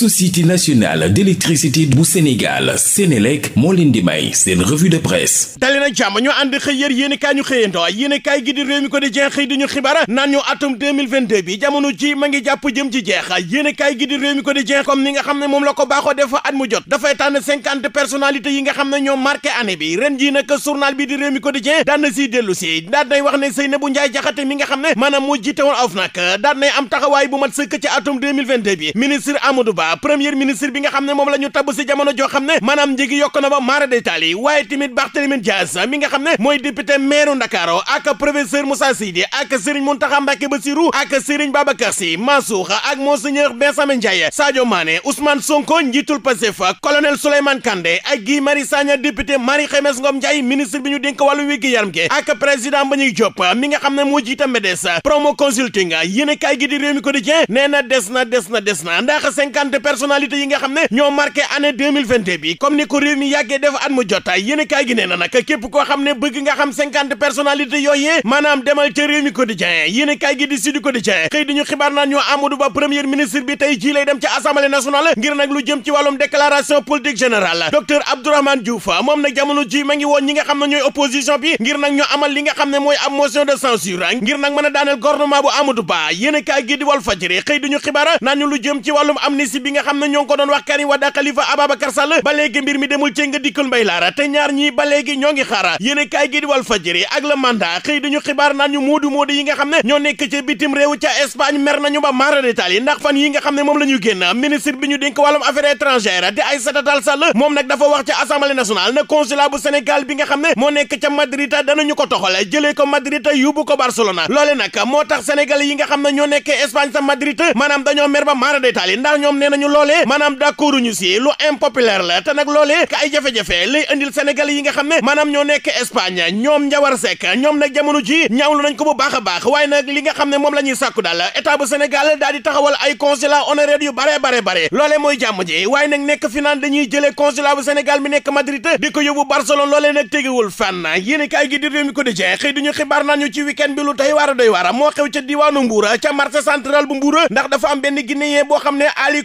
société nationale d'électricité bu Sénégal Sénélec moo leen di may seen revue de presse dali jàmm ñu ànd xëy yér yéen ñu xëyandoo yéen gi di réew mi ko di jeex comme ni nga xam ne moom la ko baaxoo def at mu jot dafay tànn cinquante yi nga xam ne ñoo marqué année bi ren ji nag journal bi di réew mi ko di jeex daan si daan nay wax ne Seynabou Ndiaye Jaxate mi nga xam ne maanaam moo jiite woon AOFNAC daan am taxawaay bu mat sëkk ci atum Ah, premier ministre bi nga xam ne moom la ñu tabb si joo xam ne maanaam njëgi yokk na ba mara détaali waaye tamit Barthélémy Dias mi nga xam ne mooy député maire Ndakaaru ak professeur Moussa Seydi ak Serigne Mountakha Mbacké Bassirou ak Serigne Babacar Sy Mansour ak monseigneur Benjamin Ndiaye Sadio Mané Ousmane Sonko njiitul Pastef colonel Souleymane Kandé ak Guy Marius Sagna député Marie Khemesse Ngom Ndiaye ministre bi ñu dénk wàllu wér-gi yaram gi ak président Mbagnick mi nga xam ne moo jiite MEDES promo consulting yéen a kaay gi di nee na des na des na des na ndax cinquante personnalité yi nga xam ne ñoo marqué année 2022 bi comme ni ko réew mi yàggee def at mu jotaay yéen kaay gi nee na nag képp koo xam ne bëgg nga xam cinquante personnalité yooyee maanaam demal ca réew mi quotidien yéen kaay gi di Sud Quotidien xëy di ñu xibaar naan ñoo Amadou Ba premier ministre bi tey jii lay dem ci assemblée nationale ngir nag lu jëm ci wàllum déclaration politique générale docteur Abdourahmane Diouf moom nag jamono ji ma ngi woon ñi nga xam ne ñooy opposition bi ngir nag ñu amal li nga xam ne mooy ab motion de censure ngir nag a daaneel gouvernement bu Amadou Ba yéen kaay gi di Walf Fadjri xëy lu jëm ci wàllum amnistie bi bi nga xam ne ñoo ngi ko doon wax Karim Wade Khalifa Ababacar Sall ba léegi mbir mi demul ci nga dikkal mbay laara te ñaar ñii ba léegi ñoo ngi xaara yéen kaay gi di ak Le Mandat xëy dañu xibaar naan ñu moodu moodu yi nga xam ne ñoo nekk ca bitim réew ca Espagne mer nañu ba maara détaal yi ndax fan yi nga xam ne moom la ñu génn ministre bi ñu dénk wàllum affaires étrangères di Aïssata Tall Sall moom nag dafa wax ca Madrid danañu ko toxale jëlee ko Madrid yóbbu ko xam ne ñoo nekk Espagne sa Madrid nañu loolee maanaam d'accord ñu si lu impopulaire la te nag loolee ka ay jafe-jafe lay yi nga xam ne maanaam ñoo nekk Espagne ñoom Njawar Seck ñoom nag jamono ji ñaawlu nañ ko bu baax a baax waaye nag li nga xam ne moom la ñuy sàkku daal état bu Sénégal daal di taxawal ay consulat honoraire yu bare bare bare loolee mooy jàmm ji waaye nag nekk fi naan dañuy jëlee consulat bu Sénégal mi nekk Madrid di ko yóbbu Barcelone loolee nag tegewul fànn yéen kaay gi di réew mi ko di jeex moo xew ca diwaanu Mbuur ca marché central ndax dafa am benn guinéen boo xam ne Aliou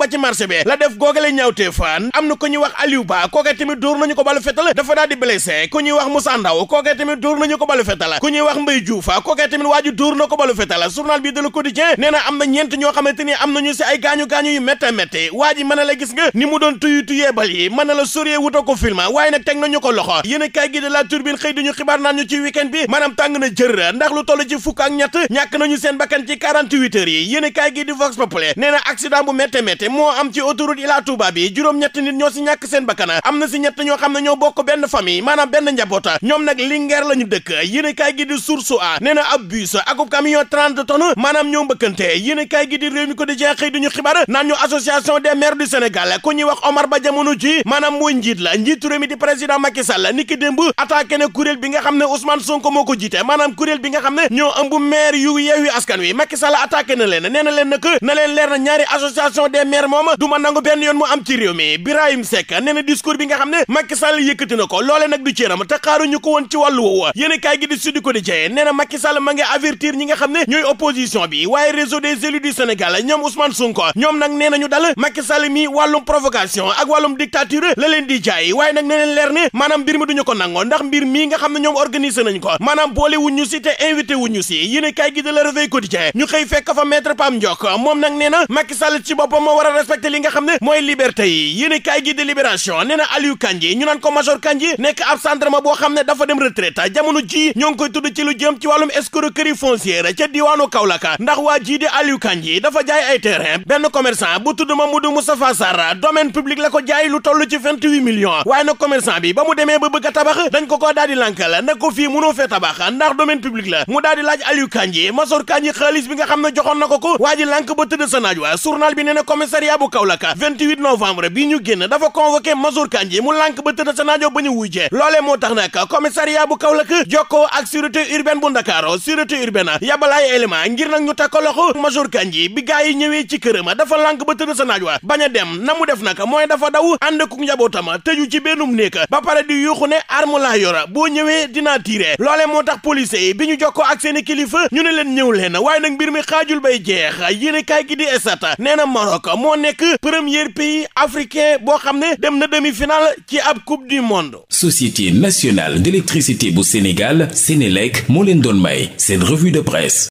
ba ci marché bi la def googale ñaawtee am na ku ñuy wax Aliou Ba kookee tamit dóor nañu ko balu fetal dafa daal di ku ñuy wax Moussa Ndaw kookee tamit dóor nañu ko balu fetal ku ñuy wax Mbaye Diouf kookee tamit waa ji dóor na ko balu fetal journal bi de Le Quotidien nee am na ñeent ñoo xamante ni am nañu si ay gaañu-gaañu yu métte métte waa ji gis nga ni mu doon tuyu tuyee bal yi mën na la sore ko film waaye a kaay gi de la turbine xëy duñu na jër na accident bu métte métte moo am ci autoroute Ila Touba bi juróom-ñetti nit ñoo si ñàkk seen bakkan am na si ñett ñoo xam ne ñoo bokk benn famille maanaam benn njaboota ñoom nag Linguère la ñu dëkk yéen kaay gi di source a nee na ab bus akub camion 30 tonnes maanaam ñoo mbëkkante yéen kaay gi di réew mi ko di jeex xëy duñu xibaar naan ñu association des maires du Sénégal ku ñuy wax Omar Ba jamono ji maanaam mooy njiit la njiitu réew di président Macky Sall ni ki démb attaqué na kuréel bi nga ne Ousmane Sonko moo ko jiite maanaam kuréel bi nga xam ne ñoo ëmb maire yu yeewi askan wi Macky Sall na leen nee leen nag na leen leer na maire moom du ma nangu benn yoon mu am ci réew mi Birahim Seck nee bi nga xam ne Macky Sall ko loole nag du céeram te xaaruñu ko woon ci wàllu woowu yéen gi di suddi ko di jee nee na Macky avertir ñi nga xam ne ñooy opposition bi waaye réseau des élus du Sénégal ñoom Ousmane Sonko ñoom nag nee nañu dal Macky mi wàllum provocation ak wàllum dictature la leen di jaay waaye nag nee leer ne maanaam mbir mi duñu ko nangoo a li nga xam ne mooy liberté yi yéen kaay gi de libération nee na Aliou Kandji ñu naan ko major Kandji nekk ab gendarme boo xam ne dafa dem retraite jamono ji ñoo ngi koy tudd ci lu jëm ci wàllum escroquerie foncière ca diwaanu Kaolack ndax waa jii di Aliou Kandji dafa jaay ay terrain benn commerçant bu tudd Mamadou Moustapha Sarr domaine public la ko jaay lu toll ci 28 millions waaye na commerçant bi ba mu demee ba bëgg a tabax dañ ko koo daal di lànkal ne ko fii mënoo fee tabax ndax domaine public la mu daal di laaj Aliou Kandji major Kandji xaalis nga xam ne joxoon na ko ko wa journal bi nee commissariat bu Kaolack 28 novembre bi ñu génn dafa convoqué Mansour Kandji mu lànk ba tëdd sa naajo ba ñu wujjee loolee moo tax nag commissariat bu Kaolack jokkoo ak sûreté urbaine bu Ndakaaru sûreté urbaine yabal ay élément ngir nag ñu takk loxo Mansour Kandji bi gaa ñëwee ci kërëma dafa lànk ba tëdd sa naaj wa dem na mu def nag mooy dafa daw ànd ku njabootam tëju ci bennum néeg ba pare di yuuxu ne arme laa yor ñëwee dinaa tiire loolee moo tax police yi moo nekk premier pays africain boo xam ne dem na demi-finale ci ab coupe du monde. société nationale d'électricité bu Sénégal Sénélec moo leen doon may seen revue de presse.